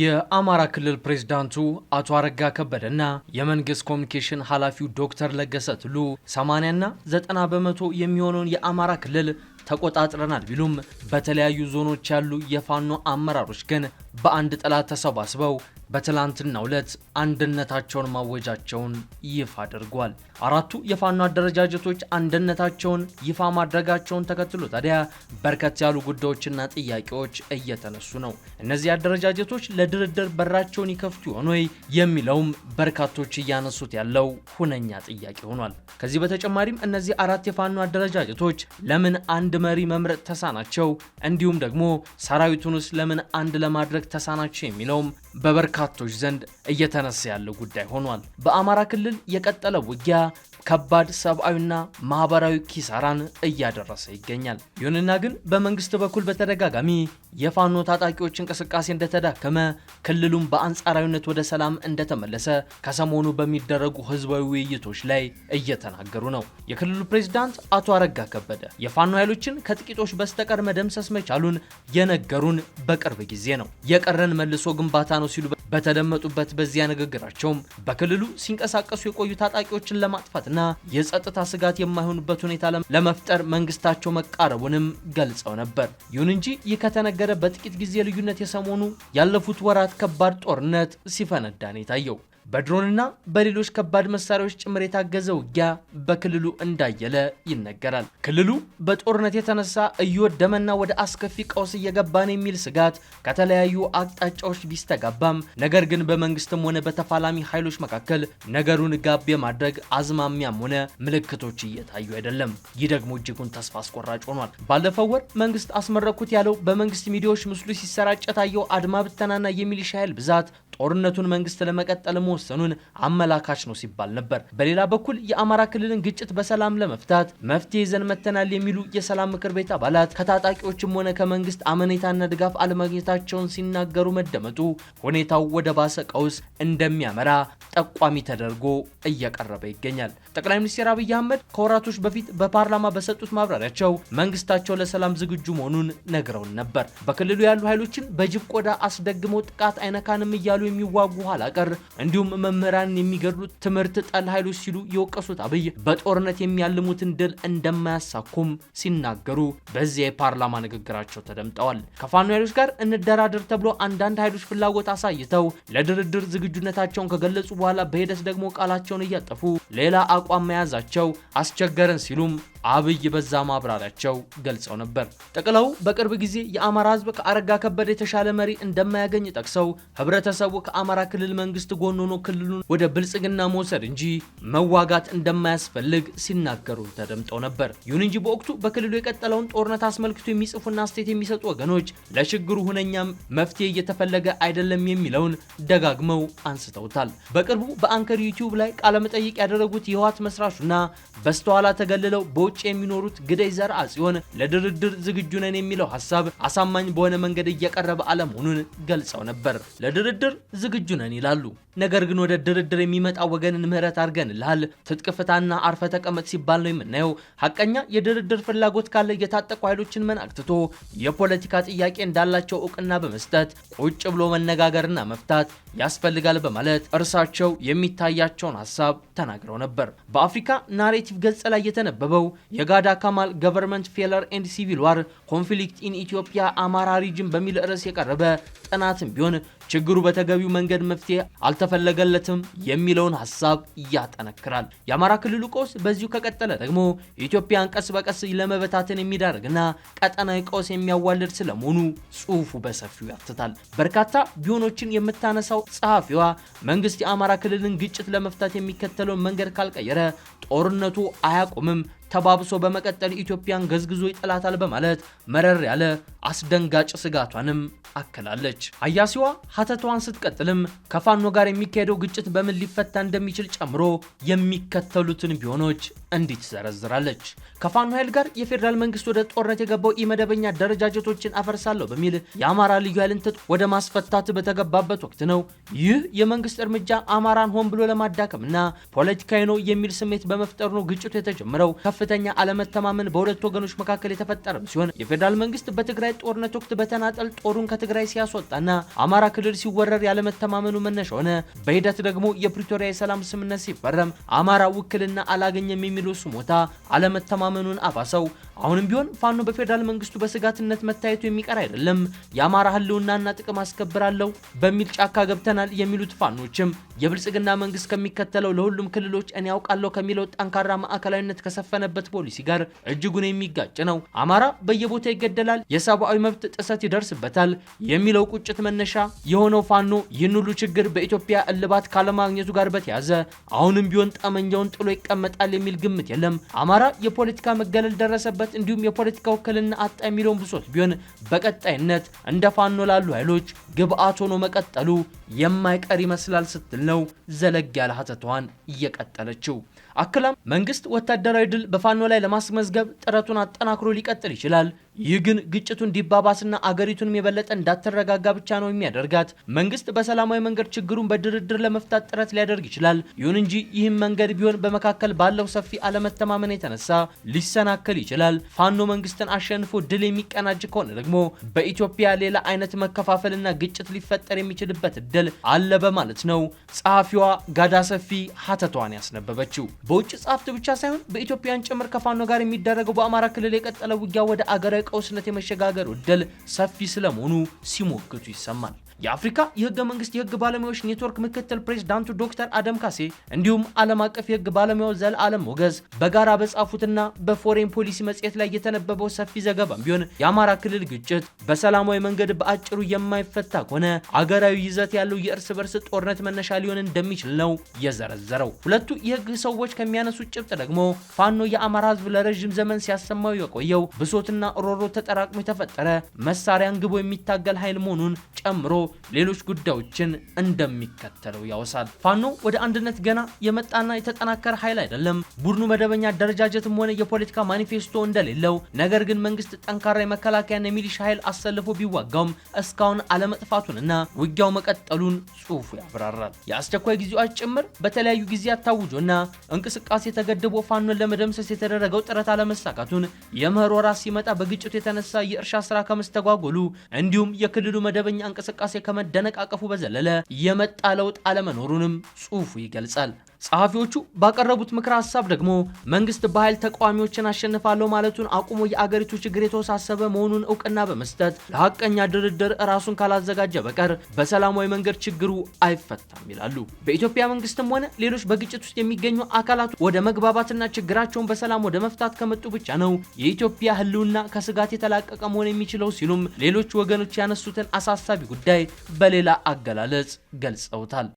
የአማራ ክልል ፕሬዝዳንቱ አቶ አረጋ ከበደና የመንግስት ኮሚኒኬሽን ኃላፊው ዶክተር ለገሰ ቱሉ 80ና 90 በመቶ የሚሆነውን የአማራ ክልል ተቆጣጥረናል ቢሉም በተለያዩ ዞኖች ያሉ የፋኖ አመራሮች ግን በአንድ ጥላት ተሰባስበው በትላንትናው ዕለት አንድነታቸውን ማወጃቸውን ይፋ አድርጓል። አራቱ የፋኖ አደረጃጀቶች አንድነታቸውን ይፋ ማድረጋቸውን ተከትሎ ታዲያ በርከት ያሉ ጉዳዮችና ጥያቄዎች እየተነሱ ነው። እነዚህ አደረጃጀቶች ለድርድር በራቸውን ይከፍቱ ይሆን ወይ የሚለውም በርካቶች እያነሱት ያለው ሁነኛ ጥያቄ ሆኗል። ከዚህ በተጨማሪም እነዚህ አራት የፋኖ አደረጃጀቶች ለምን አንድ መሪ መምረጥ ተሳናቸው፣ እንዲሁም ደግሞ ሰራዊቱን ውስጥ ለምን አንድ ለማድረግ ተሳናቸው የሚለውም በበርካ በርካቶች ዘንድ እየተነሳ ያለው ጉዳይ ሆኗል። በአማራ ክልል የቀጠለ ውጊያ ከባድ ሰብአዊና ማህበራዊ ኪሳራን እያደረሰ ይገኛል። ይሁንና ግን በመንግስት በኩል በተደጋጋሚ የፋኖ ታጣቂዎች እንቅስቃሴ እንደተዳከመ፣ ክልሉም በአንጻራዊነት ወደ ሰላም እንደተመለሰ ከሰሞኑ በሚደረጉ ህዝባዊ ውይይቶች ላይ እየተናገሩ ነው። የክልሉ ፕሬዝዳንት አቶ አረጋ ከበደ የፋኖ ኃይሎችን ከጥቂቶች በስተቀር መደምሰስ መቻሉን የነገሩን በቅርብ ጊዜ ነው። የቀረን መልሶ ግንባታ ነው ሲሉ በተደመጡበት በዚያ ንግግራቸው በክልሉ ሲንቀሳቀሱ የቆዩ ታጣቂዎችን ለማጥፋትና የጸጥታ ስጋት የማይሆኑበት ሁኔታ ለመፍጠር መንግስታቸው መቃረቡንም ገልጸው ነበር። ይሁን እንጂ ይህ ከተነገረ በጥቂት ጊዜ ልዩነት የሰሞኑ ያለፉት ወራት ከባድ ጦርነት ሲፈነዳ ነው የታየው። በድሮንና በሌሎች ከባድ መሳሪያዎች ጭምር የታገዘ ውጊያ በክልሉ እንዳየለ ይነገራል። ክልሉ በጦርነት የተነሳ እየወደመና ወደ አስከፊ ቀውስ እየገባ ነው የሚል ስጋት ከተለያዩ አቅጣጫዎች ቢስተጋባም ነገር ግን በመንግስትም ሆነ በተፋላሚ ኃይሎች መካከል ነገሩን ጋብ የማድረግ አዝማሚያም ሆነ ምልክቶች እየታዩ አይደለም። ይህ ደግሞ እጅጉን ተስፋ አስቆራጭ ሆኗል። ባለፈው ወር መንግስት አስመረኩት ያለው በመንግስት ሚዲያዎች ምስሉ ሲሰራጨ ታየው አድማ ብተናና የሚሊሻ ኃይል ብዛት ጦርነቱን መንግስት ለመቀጠል መወሰኑን አመላካች ነው ሲባል ነበር። በሌላ በኩል የአማራ ክልልን ግጭት በሰላም ለመፍታት መፍትሄ ይዘን መተናል የሚሉ የሰላም ምክር ቤት አባላት ከታጣቂዎችም ሆነ ከመንግስት አመኔታና ድጋፍ አለማግኘታቸውን ሲናገሩ መደመጡ ሁኔታው ወደ ባሰ ቀውስ እንደሚያመራ ጠቋሚ ተደርጎ እየቀረበ ይገኛል። ጠቅላይ ሚኒስትር አብይ አህመድ ከወራቶች በፊት በፓርላማ በሰጡት ማብራሪያቸው መንግስታቸው ለሰላም ዝግጁ መሆኑን ነግረውን ነበር። በክልሉ ያሉ ኃይሎችን በጅብ ቆዳ አስደግመው ጥቃት አይነካንም እያሉ የሚዋጉ ኋላ ቀር እንዲሁም መምህራንን የሚገድሉት ትምህርት ጠል ኃይሎች ሲሉ የወቀሱት አብይ በጦርነት የሚያልሙትን ድል እንደማያሳኩም ሲናገሩ በዚያ የፓርላማ ንግግራቸው ተደምጠዋል። ከፋኖ ኃይሎች ጋር እንደራደር ተብሎ አንዳንድ ኃይሎች ፍላጎት አሳይተው ለድርድር ዝግጁነታቸውን ከገለጹ በኋላ በሂደት ደግሞ ቃላቸውን እያጠፉ ሌላ አቋም መያዛቸው አስቸገረን ሲሉም አብይ በዛ ማብራሪያቸው ገልጸው ነበር። ጠቅለው በቅርብ ጊዜ የአማራ ህዝብ ከአረጋ ከበደ የተሻለ መሪ እንደማያገኝ ጠቅሰው ህብረተሰቡ ከአማራ ክልል መንግስት ጎን ሆኖ ክልሉን ወደ ብልጽግና መውሰድ እንጂ መዋጋት እንደማያስፈልግ ሲናገሩ ተደምጠው ነበር። ይሁን እንጂ በወቅቱ በክልሉ የቀጠለውን ጦርነት አስመልክቶ የሚጽፉና አስተያየት የሚሰጡ ወገኖች ለችግሩ ሁነኛ መፍትሄ እየተፈለገ አይደለም የሚለውን ደጋግመው አንስተውታል። በቅርቡ በአንከር ዩቲዩብ ላይ ቃለመጠይቅ ያደረጉት የህወሓት መስራቹና በስተኋላ ተገልለው በውጭ የሚኖሩት ግደይ ዘር ሲሆን ለድርድር ዝግጁ ነን የሚለው ሀሳብ አሳማኝ በሆነ መንገድ እየቀረበ አለመሆኑን ገልጸው ነበር። ለድርድር ዝግጁ ነን ይላሉ። ነገር ግን ወደ ድርድር የሚመጣ ወገንን ምህረት አድርገንልሃል፣ ትጥቅ ፍታና አርፈ ተቀመጥ ሲባል ነው የምናየው። ሀቀኛ የድርድር ፍላጎት ካለ የታጠቁ ኃይሎችን መናቅ ትቶ የፖለቲካ ጥያቄ እንዳላቸው እውቅና በመስጠት ቁጭ ብሎ መነጋገርና መፍታት ያስፈልጋል በማለት እርሳቸው የሚታያቸውን ሀሳብ ተናግረው ነበር። በአፍሪካ ናሬቲቭ ገጽ ላይ የተነበበው የጋዳ ካማል ገቨርንመንት ፌለር ኤንድ ሲቪል ዋር ኮንፍሊክት ኢን ኢትዮጵያ አማራ ሪጅን በሚል ርዕስ የቀረበ ጥናትም ቢሆን ችግሩ በተገቢው መንገድ መፍትሄ አልተፈለገለትም የሚለውን ሀሳብ ያጠነክራል። የአማራ ክልሉ ቀውስ በዚሁ ከቀጠለ ደግሞ ኢትዮጵያን ቀስ በቀስ ለመበታተን የሚዳርግና ቀጠናዊ ቀውስ የሚያዋልድ ስለመሆኑ ጽሑፉ በሰፊው ያትታል። በርካታ ቢሆኖችን የምታነሳው ጸሐፊዋ መንግስት የአማራ ክልልን ግጭት ለመፍታት የሚከተለውን መንገድ ካልቀየረ ጦርነቱ አያቁምም። ተባብሶ በመቀጠል ኢትዮጵያን ገዝግዞ ይጥላታል በማለት መረር ያለ አስደንጋጭ ስጋቷንም አክላለች። አያሲዋ ሀተቷን ስትቀጥልም ከፋኖ ጋር የሚካሄደው ግጭት በምን ሊፈታ እንደሚችል ጨምሮ የሚከተሉትን ቢሆኖች እንዲህ ትዘረዝራለች። ከፋኖ ኃይል ጋር የፌዴራል መንግስት ወደ ጦርነት የገባው ኢመደበኛ አደረጃጀቶችን አፈርሳለሁ በሚል የአማራ ልዩ ኃይልን ትጥቅ ወደ ማስፈታት በተገባበት ወቅት ነው። ይህ የመንግስት እርምጃ አማራን ሆን ብሎ ለማዳከምና ፖለቲካዊ ነው የሚል ስሜት በመፍጠሩ ነው ግጭቱ የተጀመረው። ከፍተኛ አለመተማመን በሁለት ወገኖች መካከል የተፈጠረም ሲሆን የፌዴራል መንግስት በትግራይ ጦርነት ወቅት በተናጠል ጦሩን ከትግራይ ሲያስወጣና አማራ ክልል ሲወረር ያለመተማመኑ መነሻ ሆነ። በሂደት ደግሞ የፕሪቶሪያ የሰላም ስምምነት ሲፈረም አማራ ውክልና አላገኘም የሚ በድሉ ስሞታ አለመተማመኑን አባሰው አሁንም ቢሆን ፋኖ በፌዴራል መንግስቱ በስጋትነት መታየቱ የሚቀር አይደለም። የአማራ ህልውናና ጥቅም አስከብራለሁ በሚል ጫካ ገብተናል የሚሉት ፋኖችም የብልጽግና መንግስት ከሚከተለው ለሁሉም ክልሎች እኔ ያውቃለሁ ከሚለው ጠንካራ ማዕከላዊነት ከሰፈነበት ፖሊሲ ጋር እጅጉን የሚጋጭ ነው። አማራ በየቦታ ይገደላል፣ የሰብአዊ መብት ጥሰት ይደርስበታል የሚለው ቁጭት መነሻ የሆነው ፋኖ ይህን ሁሉ ችግር በኢትዮጵያ እልባት ካለማግኘቱ ጋር በተያዘ አሁንም ቢሆን ጠመንጃውን ጥሎ ይቀመጣል የሚል ግምት የለም። አማራ የፖለቲካ መገለል ደረሰበት ያለበት እንዲሁም የፖለቲካ ውክልና አጣ የሚለውን ብሶት ቢሆን በቀጣይነት እንደ ፋኖ ላሉ ኃይሎች ግብአት ሆኖ መቀጠሉ የማይቀር ይመስላል ስትል ነው ዘለግ ያለ ሀተቷን እየቀጠለችው። አክላም መንግስት ወታደራዊ ድል በፋኖ ላይ ለማስመዝገብ ጥረቱን አጠናክሮ ሊቀጥል ይችላል ይህ ግን ግጭቱ እንዲባባስና አገሪቱንም የበለጠ እንዳትረጋጋ ብቻ ነው የሚያደርጋት። መንግስት በሰላማዊ መንገድ ችግሩን በድርድር ለመፍታት ጥረት ሊያደርግ ይችላል። ይሁን እንጂ ይህም መንገድ ቢሆን በመካከል ባለው ሰፊ አለመተማመን የተነሳ ሊሰናከል ይችላል። ፋኖ መንግስትን አሸንፎ ድል የሚቀናጅ ከሆነ ደግሞ በኢትዮጵያ ሌላ አይነት መከፋፈልና ግጭት ሊፈጠር የሚችልበት እድል አለ በማለት ነው ጸሐፊዋ ጋዳ ሰፊ ሀተቷን ያስነበበችው። በውጭ ጸሐፍት ብቻ ሳይሆን በኢትዮጵያን ጭምር ከፋኖ ጋር የሚደረገው በአማራ ክልል የቀጠለ ውጊያ ወደ አገራዊ ቀውስነት የመሸጋገር እድል ሰፊ ስለመሆኑ ሲሞግቱ ይሰማል። የአፍሪካ የህገ መንግስት የህግ ባለሙያዎች ኔትወርክ ምክትል ፕሬዝዳንቱ ዶክተር አደም ካሴ እንዲሁም ዓለም አቀፍ የህግ ባለሙያው ዘለአለም ሞገዝ በጋራ በጻፉትና በፎሬን ፖሊሲ መጽሔት ላይ የተነበበው ሰፊ ዘገባም ቢሆን የአማራ ክልል ግጭት በሰላማዊ መንገድ በአጭሩ የማይፈታ ከሆነ አገራዊ ይዘት ያለው የእርስ በርስ ጦርነት መነሻ ሊሆን እንደሚችል ነው የዘረዘረው። ሁለቱ የህግ ሰዎች ከሚያነሱት ጭብጥ ደግሞ ፋኖ የአማራ ህዝብ ለረዥም ዘመን ሲያሰማው የቆየው ብሶትና ሮሮ ተጠራቅሞ የተፈጠረ መሳሪያን ግቦ የሚታገል ኃይል መሆኑን ጨምሮ ሌሎች ጉዳዮችን እንደሚከተለው ያወሳል። ፋኖ ወደ አንድነት ገና የመጣና የተጠናከረ ኃይል አይደለም። ቡድኑ መደበኛ አደረጃጀትም ሆነ የፖለቲካ ማኒፌስቶ እንደሌለው፣ ነገር ግን መንግስት ጠንካራ የመከላከያና የሚሊሻ ኃይል አሰልፎ ቢዋጋውም እስካሁን አለመጥፋቱንና ውጊያው መቀጠሉን ጽሁፉ ያብራራል። የአስቸኳይ ጊዜዎች ጭምር በተለያዩ ጊዜያት ታውጆና እንቅስቃሴ የተገድቦ ፋኖን ለመደምሰስ የተደረገው ጥረት አለመሳካቱን የምህር ራስ ሲመጣ በግጭቱ የተነሳ የእርሻ ስራ ከመስተጓጎሉ እንዲሁም የክልሉ መደበኛ እንቅስቃሴ እንቅስቃሴ ከመደነቃቀፉ በዘለለ የመጣ ለውጥ አለመኖሩንም ጽሑፉ ይገልጻል። ጸሐፊዎቹ ባቀረቡት ምክር ሀሳብ ደግሞ መንግስት በኃይል ተቃዋሚዎችን አሸንፋለሁ ማለቱን አቁሞ የአገሪቱ ችግር የተወሳሰበ መሆኑን እውቅና በመስጠት ለሀቀኛ ድርድር ራሱን ካላዘጋጀ በቀር በሰላማዊ መንገድ ችግሩ አይፈታም ይላሉ። በኢትዮጵያ መንግስትም ሆነ ሌሎች በግጭት ውስጥ የሚገኙ አካላት ወደ መግባባትና ችግራቸውን በሰላም ወደ መፍታት ከመጡ ብቻ ነው የኢትዮጵያ ህልውና ከስጋት የተላቀቀ መሆን የሚችለው ሲሉም ሌሎች ወገኖች ያነሱትን አሳሳቢ ጉዳይ በሌላ አገላለጽ ገልጸውታል።